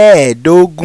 ẹẹ́dógún